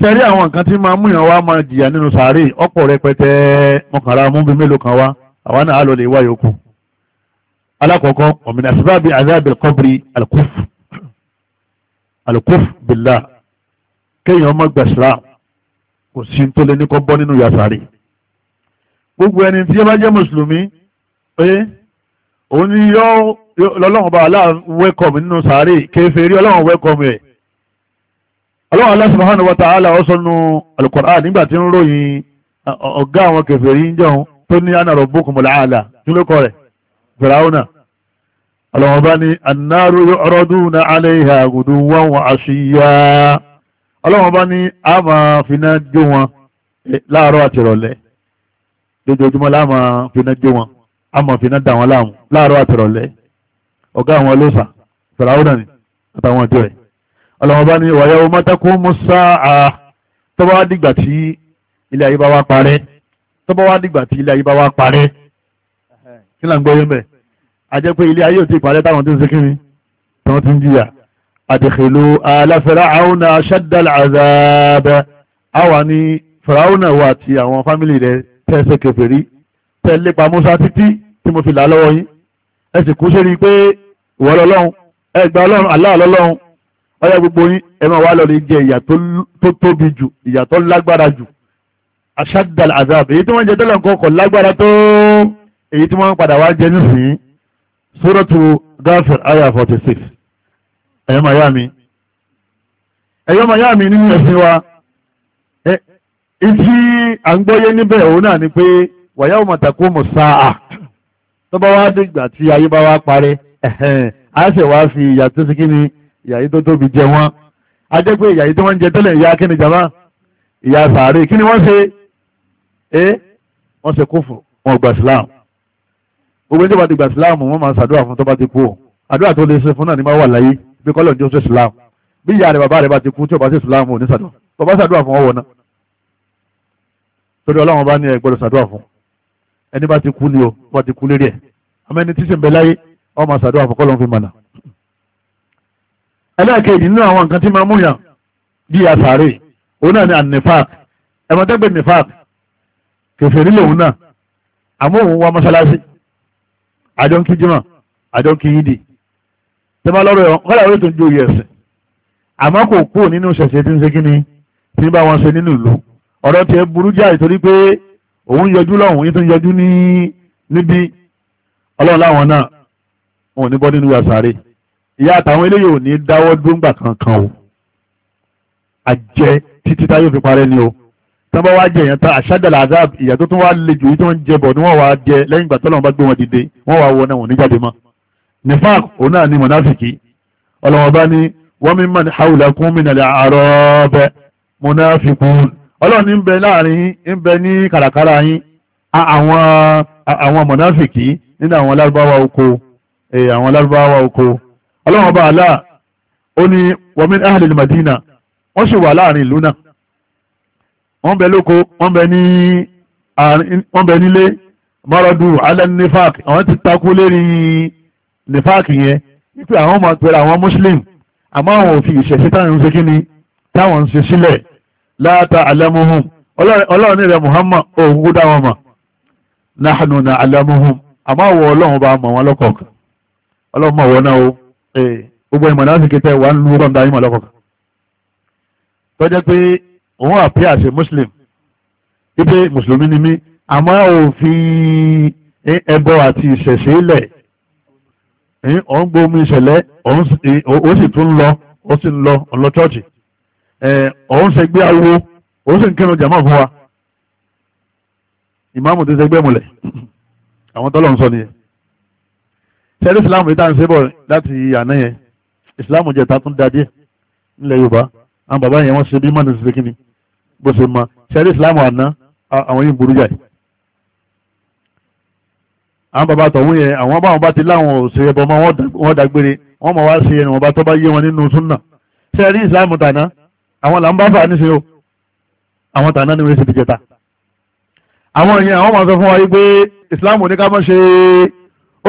sẹ́rí àwọn nǹkan tí máa mú yàn wá máa jìyà nínú sàárè ọ̀pọ̀ rẹpẹtẹ mọ̀kànlá múbi mélòó kan wá àwa náà á lọ lè wá yòókù alákọ̀ọ́kọ́ ọ̀mìnà síbáàbí azábẹ̀ kọ́bìrì alkuf alkuf bìlá kéèyàn ọmọ gbàsílá kò sí tó lé ní kọ́ bọ́ nínú yàsàárè gbogbo ẹni tí ó bá jẹ́ mùsùlùmí pé òun ni yọ lọ́lọ́run bá aláwẹ́kọ̀mù nínú sàárè kéferí ọlọ́run wẹ́kọ̀mù ẹ̀ Allah Allah subhanahu wa ta'ala ó sọnù al-Qur'an nígbà tí ń ròyìn ọ̀gá àwọn kèfèrí ń jẹun tó ní ana rabbukumul a'la kí ló kọ rẹ̀ fìràwọ̀nà Allah bá ní annaru yu'raduna 'alayha guduwwan wa 'ashiyya Allah bá ní a máa finá jó wọn eh, láàárọ̀ àti ìrọ̀lẹ́ lójoojúmọ́ la láàárọ̀ àti ìrọ̀lẹ́ ọ̀gá àwọn olóòsà fìràwọ̀nà ni àtàwọn ọjọ́ rẹ̀ ọlọ́wọ́n bá ní wàyá o mọ́tẹ́kùn musa a tó bá wá dìgbà tí ilé ayé bá wá parẹ́ tó bá wá dìgbà tí ilé ayé bá wá parẹ́ kí là ń gbọ́ yẹn bẹ̀ a pé ilé ayé ò tí parẹ́ táwọn tó ń sekiri tí wọ́n ti ń jìyà àdìkìlú aláfẹ́rẹ́ àwọn aṣáàdàlà àzàbẹ̀ àwa ni fìràwọ̀nà wa àti àwọn fámìlì rẹ̀ tẹ́ kẹfẹ́rí tẹ́ lépa títí tí mo fi là lọ́wọ́ yín ẹ sì kú sórí ọyá gbogbo yín ẹ máa wá lọ́ọ́ jẹ ìyà tó tóbi jù ìyà tó lágbára jù aṣáàdàl azab èyí tí wọ́n jẹ tẹ́lẹ̀ nǹkan kọ̀ lágbára tó èyí tí wọ́n padà wá jẹ nísìnyí sóròtù gáfẹ̀r àyà forty six ẹ̀yọ́ màá yá mi ẹ̀yọ́ màá yá mi nínú ẹ̀sìn wa ìtì à ń gbọ́yé níbẹ̀ òun náà ni pé wàyà òmàtàkù mùsáà tó bá wá dìgbà tí ayé bá wá parẹ́ ẹ̀hẹ̀n á sì wá fi ìyà ìyà yìí tó tóbi jẹ wọ́n a jẹ́ pé ìyà yìí tí wọ́n ń jẹ tẹ́lẹ̀ ìyà kíni jàmá sàárè kí ni wọ́n ṣe é wọ́n ṣe kúfù wọn gba islam gbogbo ẹni tó bá ti gba islam wọ́n máa ṣàdúrà fún tó bá ti kú o àdúrà tó lè ṣe fún náà ni máa wà láyé bí kọ́lọ̀ ní oṣù islam bí ìyá rẹ̀ bàbá rẹ̀ bá ti kú tí ò bá sí islam ò ní ṣàdúrà bàbá ṣàdúrà fún ọwọ́ náà torí ọlọ́run bá ní ẹ gbọ́dọ̀ ṣàdúrà fún ẹni bá ti kú ni o bá ti kú lérí ẹlẹ́ẹ̀kejì nínú àwọn nǹkan tí máa mú yàn bí àsàrè òun náà ni anifak ẹ̀mọ́tẹ́gbẹ̀ nifak kẹfẹ́rí lòun náà àmọ́ òun wá mọ́ṣáláṣí àjọ ń kí jimá àjọ ń kí yídì tí máa lọ́rọ̀ ẹ̀wọ̀n kọ́lá orí tó ń jó oyè ẹ̀sìn àmọ́ kò kúrò nínú ṣẹ̀ṣẹ̀ tí ń ṣe kíni tí ń bá wọn ṣe nínú ìlú ọ̀rọ̀ tiẹ̀ burú jáì torí pé òun yọjú lọ́hùn yín tó ń yọjú ní níbí ọlọ́run láwọn náà òun ní bọ́ nínú àsàrè ìyá àtàwọn eléyìí ò ní dáwọ́ dóńgbà kankan o àjẹ títí táyé fi parẹ́ ni o tán bá wá jẹ èèyàn tá àṣàdàlà azab ìyà tó tún wá le jù yìí tí wọ́n ń jẹ bọ̀ ni wọ́n wá jẹ lẹ́yìn ìgbà tọ́lọ́run bá gbé wọn dìde wọ́n wá wọ náà wọn ní jáde mọ́ nifaq òun náà ni mọ̀náfìkì ọlọ́wọ́n bá ní wọ́n mi mọ̀ ní hawlakum min al-a'rab mọ̀náfìkún ọlọ́run ní bẹ láàrin ń bẹ ní kàràkàrà yín àwọn mọ̀náfìkì nínú àwọn lárúbáwá oko eh, àwọn lárúbáwá oko ọlọ́run ọba àlá ó ní wọ́n min ahli madina wọ́n sì wà láàrin ìlú náà wọ́n bẹ lóko wọ́n bẹ ní wọ́n bẹ nílé maradu ala nifaq àwọn ti takú lérí nifaq yẹn wípé àwọn máa pẹ̀lú àwọn muslim àmọ́ àwọn òfin ìṣẹ̀ṣẹ̀ táwọn ń ṣe kí ni táwọn ń ṣe sílẹ̀ láta alamuhum ọlọ́run rẹ̀ muhammad òun kú dáwọn mọ̀ nahnu na alamuhum àmọ́ àwọn ọlọ́run bá mọ̀ wọn lọ́kọ̀ọ̀kan ọlọ́run mọ̀ wọn náà o. Eh, gbogbo ìmọ̀nà láti kí tẹ́ wà ń lu ọ̀dà yín mọ̀lọ́kọ̀ọ́kan tó jẹ́ pé òun àpí àṣẹ muslim wípé mùsùlùmí ni mí àmọ́ òfin ẹbọ àti ìṣẹ̀ṣe ilẹ̀ òun gbomi ìṣẹ̀lẹ̀ ó sì tún lọ ó sì ń lọ ọ̀lọ́ chọ́ọ̀chì òun ṣègbé awo ó sì ń kírun jàmọ́ fún wa ìmáàmù ti ṣègbé mulẹ̀ àwọn tọ́lọ̀ ń sọ nìyẹn tẹ́lẹ̀ ìsìláàmù ìta ń ṣe bọ̀ láti àná yẹn ìsìláàmù jẹ̀ta tún da díẹ̀ nílẹ̀ yorùbá àwọn bàbá yẹn wọ́n ṣe bí mọ́nà ṣe kíni bó ṣe mọ tẹ́lẹ̀ ìsìláàmù àná àwọn yìí ń burú jáì àwọn bàbá tọ̀hún yẹn àwọn bá wọn bá ti láwọn òṣè ẹbọ mọ wọn dàgbére wọn mọ wá ṣe ẹnu wọn bá tọ́ bá yé wọn nínú súnà tẹ́lẹ̀ ìsìláàmù tàná àwọn là ń bá fà ní ṣe àwọn tàná ni wọ́n ṣe ti jẹta àwọn yẹn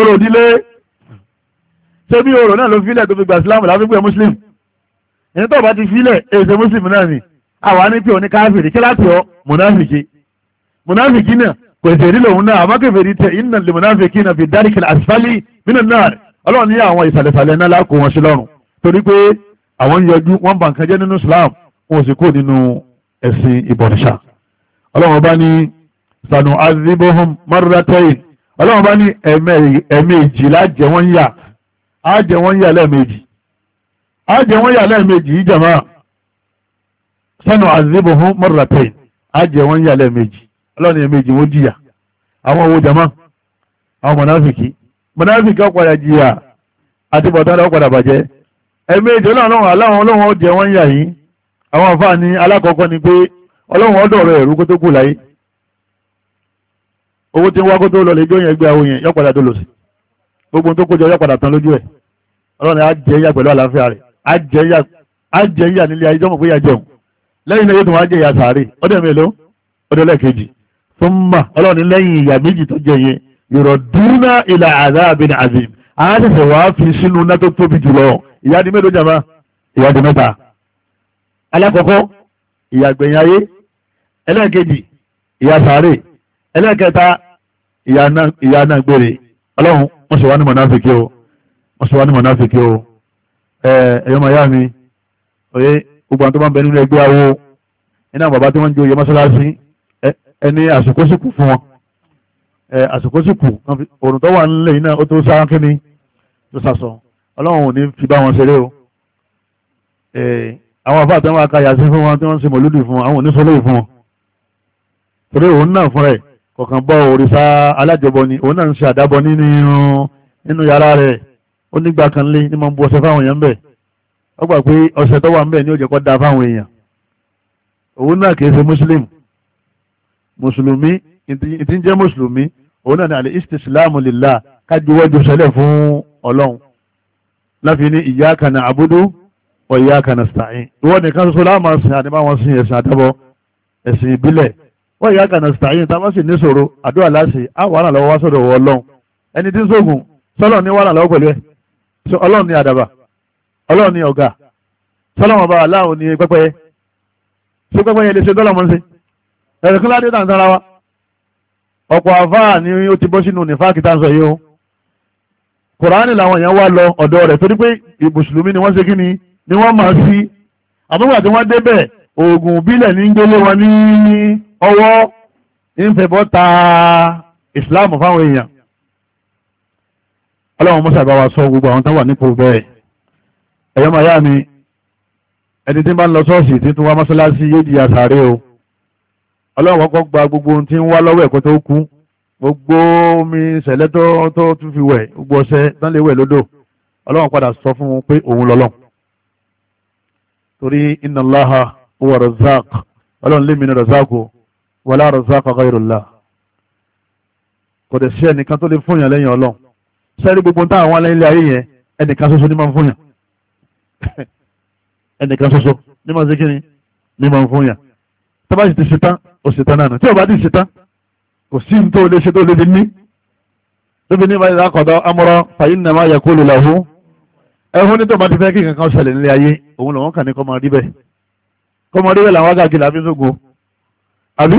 àwọn ṣé bí oòrùn náà ló filẹ̀ tó fi gba islam láfi gbé muslim ẹni tó bá ti filẹ̀ èsè muslim náà ni àwa ní pé òní káfíìrì kí láti ọ mùnáfìkì mùnáfìkì náà kò sì rí lòun náà àmọ́kẹ́fẹ̀rí tẹ iná lè mùnáfìkì náà fi dárìkì àṣìfálì nínú náà ọlọ́run ní àwọn ìsàlẹ̀sàlẹ̀ náà lákò wọn sí lọ́rùn torí pé àwọn yọjú wọn bá nǹkan jẹ́ nínú islam wọn ò sì kó nínú ẹ̀sìn ìbọ̀nìṣà ọlọ́run bá ní sanu azibohun marratayn ọlọ́run bá ní ẹ̀mẹ́jì lájẹ wọ́n yà á jẹ wọ́n yà lẹ́ẹ̀mejì á jẹ yà yìí sanu azibuhum marratayn á jẹ ya yà lẹ́ẹ̀mejì ọlọ́run ẹ̀mejì wọ́n jìyà àwọn owó jàmá àwọn mọ̀náfìkì mọ̀náfìkì ọ̀padà jìyà àti bọ̀tán ọ̀padà bàjẹ́ ẹ̀mejì ọlọ́run aláwọn ọlọ́run ó jẹ yà yìí àwọn àfáà ní ni pé ọlọ́run ọdọ̀ rẹ̀ ẹ̀rú kù láyé owó tí ń wá kó tó yẹn gbé gbogbo tó kójọ yọ́padà tán lójú ẹ̀ ọlọ́run á jẹ ìyà pẹ̀lú àlàáfíà rẹ̀ á jẹ ìyà nílé ayé jọ́mọ̀ pé ìyà jẹun lẹ́yìn náà yóò tún wá jẹ ìyà sàárè ọdẹ mélòó ọdẹ lẹ́ẹ̀kejì fún mà ọlọ́run lẹ́yìn ìyà méjì tó jẹ yẹn yọ̀rọ̀ dúnà ìlà àdáàbìn azim á ṣẹ̀ṣẹ̀ wá fi sínú iná tó tóbi jùlọ ìyà di mélòó jàmá ìyà di mẹ́ta alákọ̀ọ́kọ́ ìyà gbẹ̀yìn ayé ẹlẹ́ẹ̀kejì ìyà sàárè ẹlẹ́ẹ̀kẹta ìyà náà gbére ọlọ́run wọ́n ṣe wá ní mọ̀náfíkì o wọ́n ṣe wá ní mọ̀náfíkì o ẹ̀yọ́ màá yá mi òye gbogbo àwọn tó bá ń bẹ nínú ẹgbẹ́ awo iná bàbá tí wọ́n ń jó oyè mọ́ṣáláṣí ẹni àsìkò sìkù fún wọn àsìkò sìkù òrùn tó wà nílẹ̀ yìí náà ó tó sá kíni tó sàsọ ọlọ́run ò ní fi bá wọn ṣeré o àwọn àbá àtàwọn akayà sí fún wọn tí wọ́n ń ṣe mọ̀lúdì fún wọn àwọn ò ọ̀kan bọ́ òrìṣà alájọbọ ni òun náà ń ṣe àdábọ nínú nínú yàrá rẹ̀ ó nígbà kan lé ní máa ń bu ọṣẹ fáwọn èèyàn bẹ̀ ó gbà pé ọṣẹ tó wà ń bẹ̀ ní ó jẹ́ kó da fáwọn èèyàn òun náà kìí ṣe muslim mùsùlùmí ìtí ń jẹ́ mùsùlùmí òun náà ni àlè istislamu lillah kájúwọ́jú sẹ́lẹ̀ fún ọlọ́run láfi ní iyyaka na'budu wa iyyaka nasta'in ìwọ nìkan ṣoṣo láàmà sìn àdébáwọn sìn ẹ̀sìn àtẹ́bọ ẹ̀sìn ìbílẹ̀ wọ́n ìyá kànáà sàtàyìn tá a bá sì ní ṣòro àdúrà láṣì á wà ràn lọ́wọ́ wá sọ́dọ̀ wọ ọlọ́run ẹni tí ń sóògùn sọ́lọ̀ ní wà ràn lọ́wọ́ pẹ̀lú ẹ̀ ni àdàbà ọlọ́run ni ọ̀gá sọ́lọ́run ọba aláwo ni pẹ́pẹ́yẹ pẹ́pẹ́yẹ lè ṣe ṣe tàǹtàrà wa ọ̀pọ̀ ni ó ti bọ́ sínú sọ yìí o làwọn lọ pé ni wọ́n ni ni wọ́n ọwọ́ ìfẹ̀bọ́ ìsìláàmù fáwọn èèyàn ọlọ́run mọ́sà bá wa sọ gbogbo àwọn tó nípò bẹ́ẹ̀ ẹ̀yọ́ màá yá mi ẹni tí bá ń lọ ṣọ́ọ̀ṣì tí tún wá mọ́sálásí yóò jìyà o ọlọ́run kọ́kọ́ gba gbogbo ohun tí ń wá lọ́wọ́ ẹ̀kọ́ tó kú gbogbo omi ìṣẹ̀lẹ̀ tó tó tún fi wẹ̀ gbogbo ọṣẹ tán lè wẹ̀ lódò ọlọ́run padà sọ fún un pé òun lọ́lọ́run torí inna Allaha huwa razzaq ọlọ́run lémi ní razzaq o wala razaqa ghayrullah kò dẹ̀ sí ẹnìkan tó lè fún yàn lẹ́yìn ọlọ́run sẹ́rí gbogbo tá àwọn alẹ́ ilé ayé yẹn ẹnìkan ṣoṣo ní máa ń fún yàn ẹnìkan ṣoṣo ní máa ń sékìní ní máa ń fún yàn tó bá sì ti ṣetán O ṣetán náà tí ò bá ti ṣetán kò sí tó lè ṣe tó lè fi ní tó fi ní ìbáyìí lákọ̀dọ̀ amúrọ̀ fàyín nàmá yaqulu lahu ẹ̀hún ní tó bá ti fẹ́ kí kankan ṣẹlẹ̀ nílé ayé òun lòun kàn ní kọ́mọ rí bẹ́ẹ̀ kọ́mọ rí bẹ́ẹ̀ làwọn àgàgì làbí sógun àbí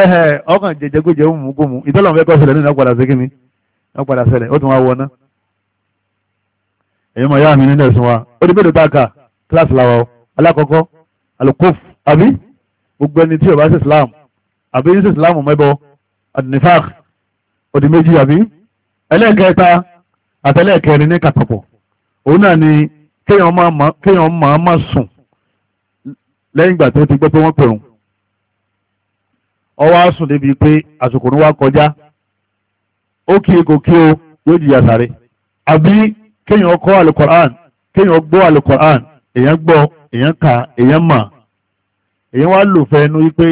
ẹ̀hẹ̀ ọkàn jẹjẹgújẹ òmù gòmù ìtọ́lọ̀ fẹ́ kọ́ sílẹ̀ nínú ọ̀padà sí kíni ọ̀padà sẹlẹ̀ ó tún wá wọná èyí mọ̀ yá mi nínú ẹ̀sùn wa ó di mélòó tá a kà kíláàsì làwọ̀ alákọ̀ọ́kọ́ alukóf àbí gbogbo ẹni tí ó bá ṣe Islam àbí ṣe Islam mẹ́bọ adinifak ó di méjì àbí ẹlẹ́ẹ̀kẹta àtẹlẹ́ẹ̀kẹrin ní kàtàpọ̀ òun náà ni kéèyàn máa sùn lẹ́yìn ọwọ́ àsùn débi pé àsìkò ní wá kọjá ó kí o yóò jìyà sáré àbí kéèyàn kọ́ alukoran kéèyàn gbọ́ alukoran èèyàn gbọ́ èèyàn kà èèyàn mà èèyàn wá lò fẹ́ nu wípé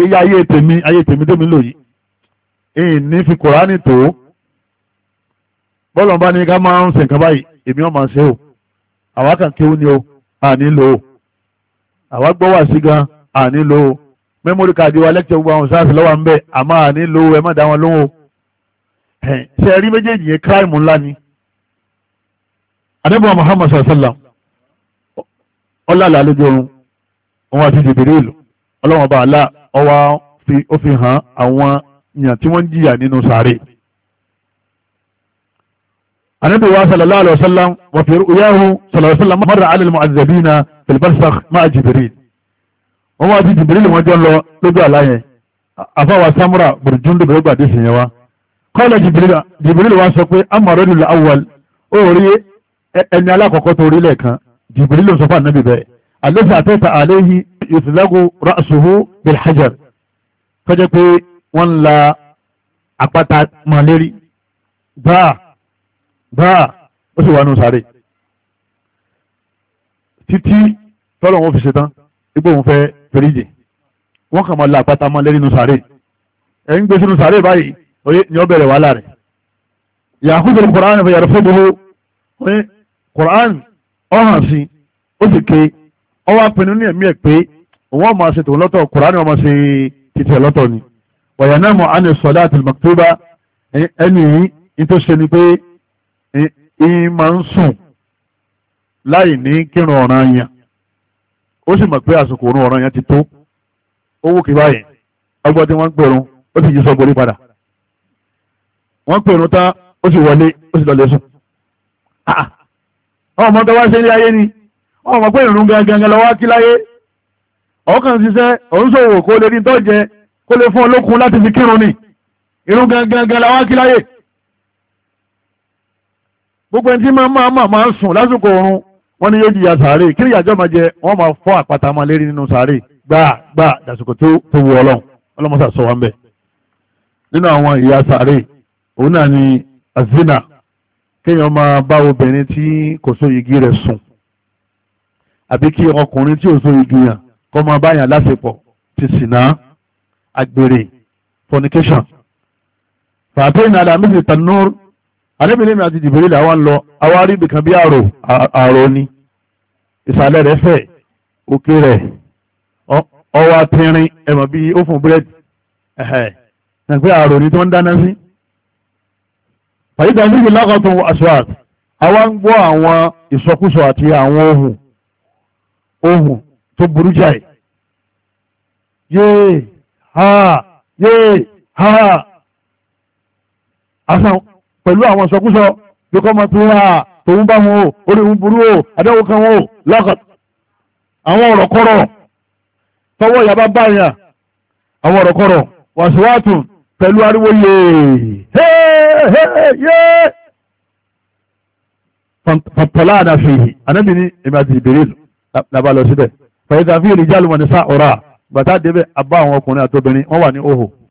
iye ayé tèmi ayé tèmi lò yìí ní fi tó bọ́ọ̀lù ọba ká máa ń o àwa kàn o àní lò àwa gan àní lò o. mẹ́mórì káàdì wa lẹ́kítẹ̀ gbogbo àwọn sáàsì lọ́wọ́ ń bẹ̀ àmọ́ àní lo ẹ má dá wọn lóhùn o ṣe rí méjèèjì yẹn kíráìmù ńlá ni adébọ̀ Muhammad sallam ọlọ́lá lójú oorun wọn àti Jibril ọlọ́wọ́n bá àlá ọwọ́ ó fi hàn àwọn èèyàn tí wọ́n ń jìyà nínú sàárè النبي صلى الله عليه وسلم وفي رؤياه صلى الله عليه وسلم مر على المعذبين في البرزخ مع جبريل wọ́n wá sí jìbìrìlì wọ́n jọ lọ lójú àlá àfáwà samura burjundu bẹ̀rẹ̀ gbàdé sí yẹn wa kọ́lẹ̀ jìbìrìlì wa sọ pé amọ̀rẹ́dù la awwal ó rí ẹni alákọ̀ọ́kọ́ tó rí lẹ́ẹ̀kan jìbìrìlì sọ fún ànábì bẹ́ẹ̀ alẹ́sẹ̀ àtẹ́ta àléhi ìsìlágù ra'suhu bil hajar tọ́jẹ́ pé wọ́n ń la àpáta mọ̀lérí báà báà ó sì wà nù sáré títí tọ́lọ̀ wọn fi ṣetán ipò òun fẹ́ fèrèjì wọ́n kàn máa la àpáta mọ́ lẹ́nu sàárè ẹ̀ ń gbé sínú sàárè báyìí oye ni ó bẹ̀rẹ̀ wàhálà rẹ̀ yàkúzọ̀ kùránì fẹ́ yàrá fún gbogbo oye kùránì ọ̀hàn sí ó sì ké ọwọ́ apinnu ní ẹ̀mí ẹ̀ pé òun ọmọ ṣe tòun lọ́tọ̀ kùránì ọmọ ṣe títẹ̀ lọ́tọ̀ ni wọ̀yà náà mọ̀ ánì sọ̀dá àti mọ̀tòbá ẹni yìí ní tó ṣe ni pé ìyìn máa ń sùn láì ní kírun ọ̀ràn yàn ó sì mọ̀ pé àsìkò òun ọ̀ràn yẹn ti tó owó kì báyìí ọgbọ́n tí wọ́n ń pèrún ó sì yí sọ borí padà wọ́n pèrún tán ó sì wọlé ó sì lọlé sùn ah, ah. ọmọ tó wá ṣe ní ayé ni ọmọ pé ìrún gangan lọ́wọ́ kí láyé ọkàn ṣiṣẹ́ òun ṣòwò kó lè ní tọ́jẹ kó lè fún olókun láti fi kírun ni ìrún gangan lọ́wọ́ kí láyé gbogbo ẹni tí máa máa máa sùn lásìkò oorun wọ́n ní yóò jìyà sàárè kí ni ìyàjọ́ máa jẹ wọ́n máa fọ́ àpáta máa lérí nínú sàárè gbà gbà dàsìkò tó tó wu ọlọ́run ọlọ́mọsà sọ wa bẹ̀. nínú àwọn ìyà sàárè òun náà ni azina kéèyàn máa bá obìnrin tí kò so igi rẹ̀ sùn àbí kí ọkùnrin tí ò so igi yàn kọ́ máa báyàn láṣepọ̀ ti sìnà àgbèrè fornication. fàtẹ́yìn àdàmísì tanúr àdébìnrin mi àti jìbìrì làwọn ń lọ àwa rí ibìkan bí àrò àrò ni ìsàlẹ̀ rẹ̀ fẹ̀ òkè rẹ̀ ọwọ́ àtẹrin ẹ̀mọ̀ bíi ó fún búrẹ́dì ẹ̀hẹ̀ nàgbé àrò ni tí wọ́n ń dáná sí. fàyíkà níbi lákàtún aswad àwa ń gbọ́ àwọn ìsọkúsọ àti àwọn ohun ohun tó burú jáì yéé ha yéé ha asan pẹ̀lú àwọn sọkúsọ bí kọ́ mọ tó wà tòun bá wọn o orí òun burú o àdáwò kan wọn o lọ́kàn àwọn ọ̀rọ̀ kọ́rọ̀ tọwọ́ ìyàbá báyà àwọn ọ̀rọ̀ kọ́rọ̀ wàṣíwàtù pẹ̀lú ariwo yéé fàtàlá àdàfihì anábì ní èmi àti ìbèrèlù nàbà lọ síbẹ̀ fàyẹ̀kà fíìrì jálùmọ̀ ní sáà ọ̀rà bàtà débẹ̀ abá àwọn ọkùnrin àtobìnrin wọ́n wà ní òhò